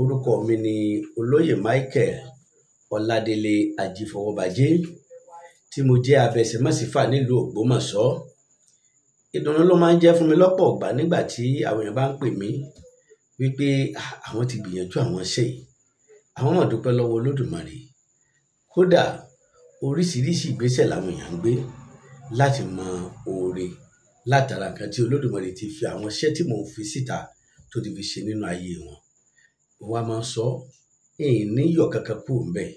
orúkọ mi ni olóyè michael ọládélé ajífọwọ́bajé tí mo jẹ́ abẹsẹ̀mọ́sífà nílùú ògbómọ̀ṣọ́ ìdùnnú ló máa ń jẹ́ fún mi lọ́pọ̀ ọ̀gbà nígbà tí àwọn èèyàn bá ń pè mí wípé àwọn ti gbìyànjú àwọn ṣe àwọn mà dúpẹ́ lọ́wọ́ olódùmarè kódà oríṣiríṣi ìgbésẹ̀ làwọn èèyàn ń gbé láti mọ oore látara nǹkan tí olódùmarè ti fi àwọn iṣẹ́ tí mò ń fi síta tó ti fi ṣe nínú ayé wọn mo wá máa ń sọ èyí níyọ̀ kankan kú ń bẹ̀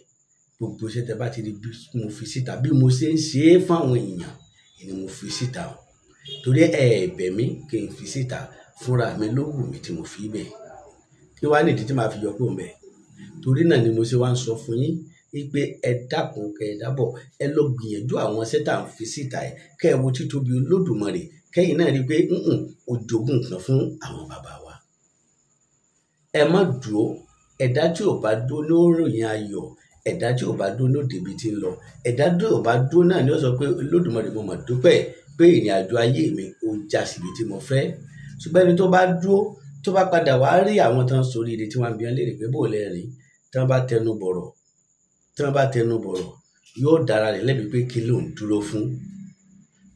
gbogbo iṣẹ́ tẹ bá ti rí bí mo fi síta bí mo ṣe ń ṣe é fáwọn èèyàn ni mo fi síta o torí ẹ̀ẹ̀bẹ̀ mi kì í fi síta fúnra mi ló wù mí tí mo fi bẹ̀ kí wàá nìdí tí màá fi yọ kú ń torí náà ni mo ṣe wá ń sọ fún yín wípé ẹ dákun kẹ ẹ dábọ̀ ẹ lọ gbìyànjú àwọn sẹta ń fi síta ẹ kẹ ẹ wo títóbi olódùmarè kẹyìn náà rí i pé ó kan fún àwọn bàbá wa ẹ má dúró ẹ̀dá tí ò bá dúró ló ròyìn ayọ̀ ẹ̀dá tí ò bá dúró ló débi tí ń lọ ẹ̀dá tí ò bá dúró náà ni ó sọ pé Olódùmarè mo mà dúpẹ́ pé ìrìn àjò ayé mi ó já síbi tí mo fẹ́ ṣùgbọ́n ẹni tó bá dúró tó bá padà wá rí àwọn tán sórí ire tí wọ́n bí wọn léèrè pé bò lẹ́rìn tí wọ́n bá tẹnu bọ̀rọ̀ tí wọ́n bá tẹnu bọ̀rọ̀ yóò dára rẹ̀ lẹ́bi pé kí ló ń dúró fún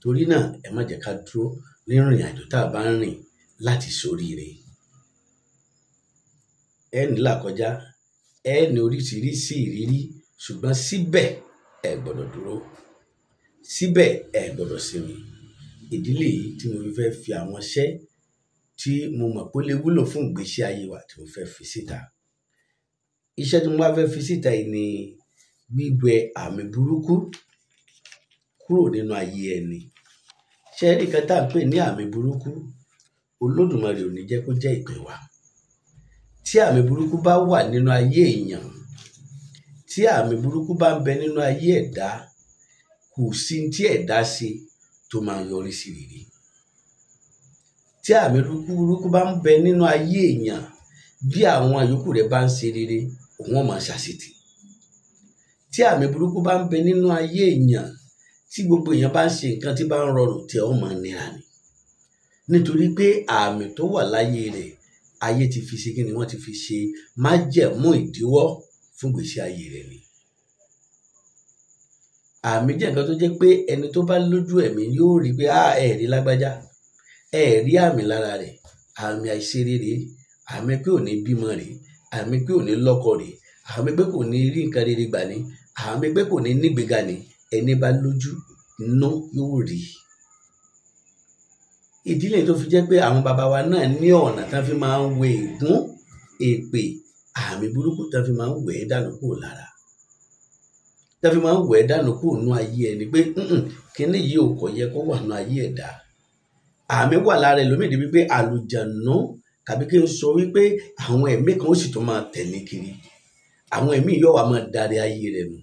torí náà ẹ má jẹ́ ká dúró nírìn àjò tá a bá ń rìn láti sórí ẹ nílà kọjá ẹ ní oríṣiríṣi ìrírí ṣùgbọ́n síbẹ̀ ẹ gbọ́dọ̀ dúró síbẹ̀ ẹ gbọ́dọ̀ sinmi ìdílé yìí tí mo fẹ́ fi àwọn iṣẹ́ tí mo mọ̀ pé ó lè wúlò fún ìgbésí ayé wa tí mo fẹ́ fi síta iṣẹ́ tí mo bá fẹ́ fi síta yìí ni gbígbẹ àmì burúkú kúrò nínú ayé ẹni ṣẹ́ẹ́rì kan tá à ń pè ní àmì burúkú Olódùmarè ò ní jẹ́ kó jẹ́ ìpè wa tí àmì burúkú bá wà nínú ayé èèyàn tí àmì burúkú bá ń bẹ nínú ayé ẹ̀dá kò sí tí ẹ̀dá ṣe tó máa yọrí sí rere tí àmì burúkú bá ń bẹ nínú ayé èèyàn bí àwọn àyókù rẹ̀ bá ń ṣe rere òun máa ṣàṣetì tí àmì burúkú bá ń bẹ nínú ayé èèyàn tí gbogbo èèyàn bá ń ṣe nǹkan tí bá ń rọrùn tí ẹ nira ni nítorí pé àmì tó wà láyé rẹ̀ ayé ti fi ṣe kí ni wọ́n ti fi ṣe májẹ̀mú ìdíwọ́ fún gbèsè ayé rẹ̀ ni. àmì jẹ́ nǹkan tó jẹ́ pé ẹni tó bá lójú ẹ̀mí yóò rí pé a ẹ̀ rí lágbájá ẹ̀ rí àmì lára rẹ̀ àmì àìṣerére àmì pé ò ní bímọ rèé àmì pé ò ní lọ́kọ rèé àmì pé kò ní rí nǹkan rere gbà ní àmì pé kò ní nígbèga ní ẹni bá lójú inú yóò rí i ìdílé tó fi jẹ́ pé àwọn bàbá wa náà ní ọ̀nà tán fi máa ń wẹ ègún èpè àmì burúkú tán fi máa ń wẹ̀ dànù kúrò lára tán fi máa ń wẹ̀ dànù kúrò nú ayé ẹ ni pé kíní yìí ò kọ̀ yẹ kó wà nú ayé ẹ̀dá àmì wà lára ẹlòmíì débi pé àlùjànnú tàbí kí n sọ wípé àwọn ẹ̀mí kan ó sì tún máa tẹ̀lé kiri àwọn ẹ̀mí yóò wá máa darí ayé rẹ̀ nù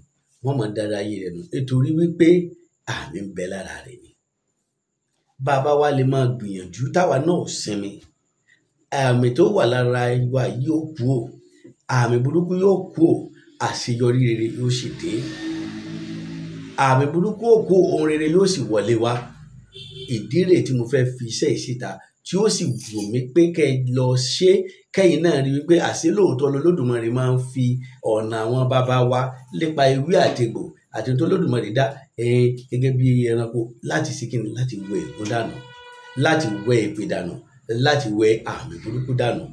wọ́n máa darí ayé rẹ̀ nù nítorí wípé àmì ń bẹ lára rẹ̀ ni bàbá wa lè máa gbìyànjú táwa náà ò sinmi àmì tó wà lára wa yóò kú o àmì burúkú yóò kú o àṣeyọrí rere yóò sì dé àmì burúkú ò kú ohun rere yóò sì wọlé wa ìdí rèé tí mo fẹ́ fi iṣẹ́ ìṣìta tí ó sì wù mí pé kẹ́ lọ ṣe kẹ́yìn náà rí wípé àṣé lóòótọ́ máa ń fi ọ̀nà àwọn bàbá wa lépa ewé àtegbò àti tó lódùmarè dá ẹyin gẹ́gẹ́ bí ẹranko láti síkìnì láti wẹ ègún dànù láti wẹ èpè dànù láti wẹ àmì burúkú dànù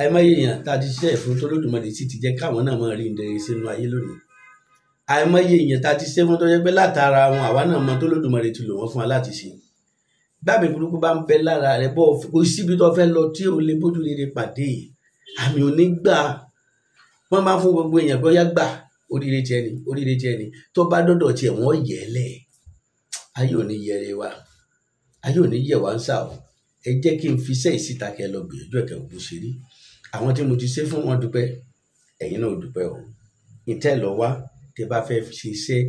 àìmọye èèyàn tá a ti ṣiṣẹ́ ìfún tó lódùmarè sì ti jẹ́ káwọn náà máa rí ìdẹ̀rẹ̀ sínú ayé lónìí àìmọye èèyàn tá a ti ṣe wọn tó yẹ pé látara wọn àwa náà mọ tó lódùmarè ti lò wọn fún wa láti ṣe gbàmí burúkú bá ń bẹ lára rẹ bọ kò síbi tó fẹ́ lọ tí ò lè bójú rere pàdé àmì ò ní gbà wọn máa fún gbogbo èèyàn bóyá gbà oríire jẹ ni oríire jẹ ni tó bá dọ́dọ̀ tiẹ̀ wọ́n yẹ̀ ẹ́ ayé ò yẹre wa ayé ò ní wá ń sà o ẹ jẹ́ kí n fi sẹ́yìn síta lọ gbìyànjú ẹ̀kẹ́ òkú ṣe àwọn tí mo ti ṣe fún wọn dúpẹ́ ẹ̀yin náà dúpẹ́ o ìtẹ́ lọ wá tẹ bá fẹ́ ṣe iṣẹ́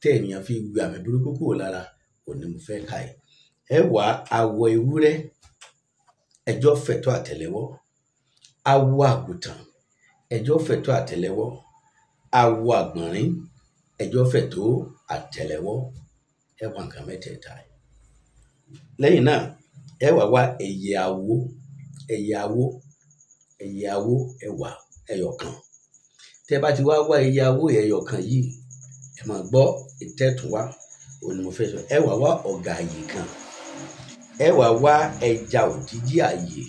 tẹ́ ènìyàn fi gbé àmì burúkú kúrò lára kò mo fẹ́ ka ẹ̀ ẹ wá awọ ewúrẹ́ ẹjọ́ fẹ̀tọ́ àtẹ̀lẹ́wọ́ awọ àgùntàn ẹjọ́ fẹ̀tọ́ àtẹ̀lẹ́wọ́ awo àgbọ̀nrín ẹjọ́ fẹ̀ tó àtẹ́lẹwọ́ ẹ wá nǹkan mẹ́tẹ̀ẹ̀ta yìí lẹ́yìn náà ẹ wá wá ẹyẹ awo ẹyẹ awo ẹyẹ awo ẹwà ẹyọkan tẹ bá ti wá wá ẹyẹ awo ẹyọkan yìí ẹ máa gbọ́ ìtẹ́tù wá òun ni mo fẹ́ sọ ẹ wá wá ọ̀gá àyè kan ẹ wá wá ẹja òjijì àyè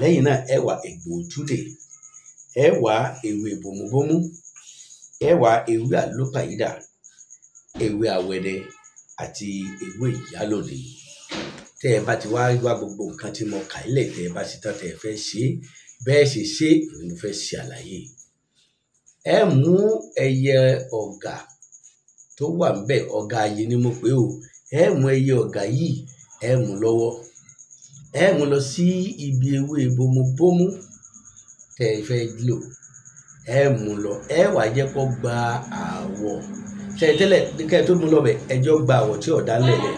lẹ́yìn náà ẹ wá egbò òtúlẹ̀ ẹ wá ẹ wá ewé àlùpàyídà ewé awẹ́dẹ àti ewé ìyálòde tẹ ẹ bá ti wá wá gbogbo nǹkan tí mo kà ilẹ̀ tẹ ẹ bá ti tán tẹ ẹ fẹ́ ṣe bẹ́ẹ̀ ṣe ṣe ni mo fẹ́ ṣe àlàyé ẹ mú ẹyẹ ọ̀gà tó wà ńbẹ̀ ọ̀gà yìí ni mo pè ó ẹ mú ẹyẹ ọ̀gà yìí ẹ mú lọ́wọ́ ẹ mú lọ sí ibi ewé bomubomu tẹ ẹ fẹ́ lò ẹ mú lọ ẹ wàá jẹ́ kó gba àwọ̀ tẹ́lẹ̀tẹ́lẹ̀ kẹ́ tó mú lọ́bẹ̀ ẹjọ́ gba àwọ̀ tí ọ̀dá lẹ̀lẹ̀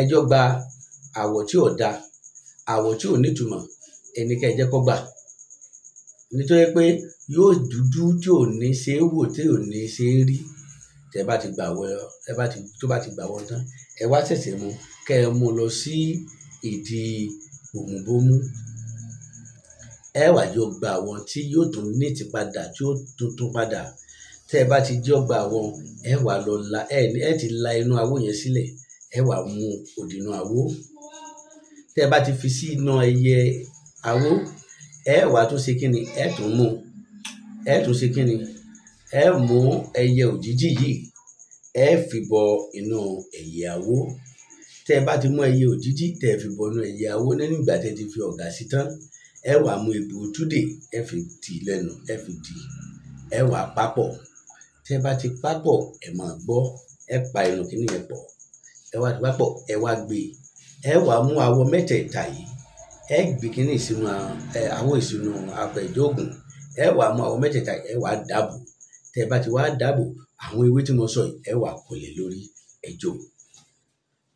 ẹjọ́ gba àwọ̀ tí ọ̀dá àwọ̀ tí ò nítumọ̀ ẹni kẹ́ jẹ́ kó gbà nítorí pé yóò dúdú tí ò ní ṣe é wò tí ò ní ṣe é rí tẹ́ bá ti gbàwọ̀ ẹ bá ti tó bá ti gbàwọ̀ tán ẹ wá ṣẹ̀ṣẹ̀ mú kẹ́ mú lọ sí ìdí òmùbómú ẹwà yóò gba àwọn tí yóò tún ní ìtìpadà tí yóò tuntun padà tẹ́ ẹ bá ti jẹ́ ọgbà àwọn ẹwà lọ la ẹ ẹ ti la inú awó yẹn sílẹ̀ ẹwà mú òdìnnú awó tẹ́ ẹ bá ti fi sí iná ẹyẹ awó ẹwà tó ṣe kíni ẹ tún mú ẹ tún ṣe kíni ẹ mú ẹyẹ òjijì yìí ẹ fi bọ inú ẹyẹ awó tẹ́ ẹ bá ti mú ẹyẹ òjijì tẹ́ ẹ fi bọ inú ẹyẹ awó nínú ìgbà tẹ́ ẹ ti fi ọ̀gá sí tán ẹ wà mú egbò ojúde ẹ fi dì í lẹ́nu ẹ fi dì í ẹ wà papọ̀ tẹ bá ti papọ̀ ẹ máa gbọ́ ẹ pa ẹnu kí nìyẹn pọ̀ ẹ wá ti papọ̀ ẹ wá gbé e. ẹ wà mú awọ mẹ́tẹ̀ẹ̀ta yìí ẹ gbé e kíní ìsinú àwọn ìsinú apẹ̀jọ́gùn ẹ wà mú awọ mẹ́tẹ̀ẹ̀ta yìí ẹ wà dàbò tẹ bá ti wá dàbò àwọn ewé tí mo sọ yìí ẹ wà kọlẹ̀ lórí ẹjọ́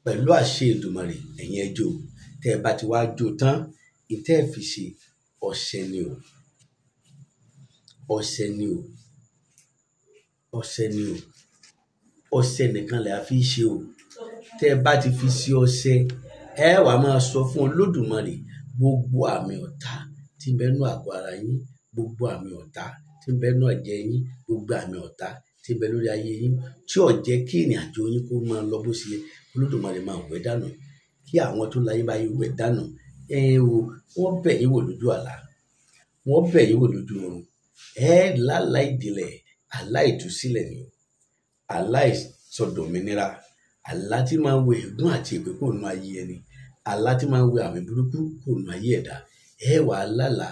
pẹ̀lú àṣẹ Èdùmàrè ẹ̀yin ẹjọ́ tẹ bá ti wá jó tán ìtẹ́ fi ṣe ọṣẹ ni o ọṣẹ ni o ọṣẹ ni o ọṣẹ nìkan là á fi ṣe o tẹ́ ẹ bá ti fi ṣe ọṣẹ ẹ wàá máa sọ fún Olódùmarè gbogbo àmì ọ̀tá tí ń bẹnu àgọ́ ara yín gbogbo àmì ọ̀tá tí ń bẹnu ẹ̀jẹ̀ yín gbogbo àmì ọ̀tá tí ń bẹ lórí ayé yín tí ò jẹ́ kí ìrìn àjò yín kó máa lọ bó ṣe Olódùmarè máa wẹ̀ dànù kí àwọn tó láyé bá yín wẹ̀ dànù ẹ o wọ́n bẹ̀ yín wò lójú àlá wọ́n bẹ̀ yín wò lójú oorun ẹ lálá ìdílẹ̀ aláìtúsílẹ̀ ni aláìsọdọ̀mìnira àlá tí máa ń wo ègún àti èpè kò nu ayé ẹni àlá tí máa ń wo àmì burúkú kò nu ayé ẹ̀dá ẹ wà á lálà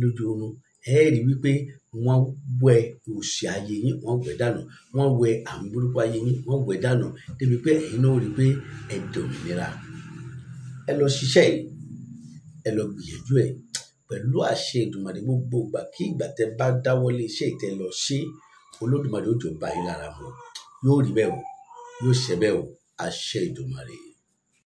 lójú oorun ẹ rí wípé wọ́n wẹ òṣì ayé yín wọ́n wẹ̀ dànù wọ́n wẹ àmì burúkú ayé yín wọ́n wẹ̀ dànù débi pé ẹ̀yin náà rí i pé ẹ dòmìnira ẹ lọ ṣiṣẹ́ yìí ẹ lọ gbìyànjú ẹ̀ pẹ̀lú àṣẹ Èdùmàrè gbogbo ìgbà kí ìgbà tẹ bá dáwọ́lé iṣẹ́ ìtẹ́ lọ ṣe Olódùmarè ó jọ bá yín lára mu yóò rí bẹ́ẹ̀ o yóò ṣe bẹ́ẹ̀ o àṣẹ Èdùmàrè.